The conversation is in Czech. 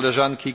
koleżanki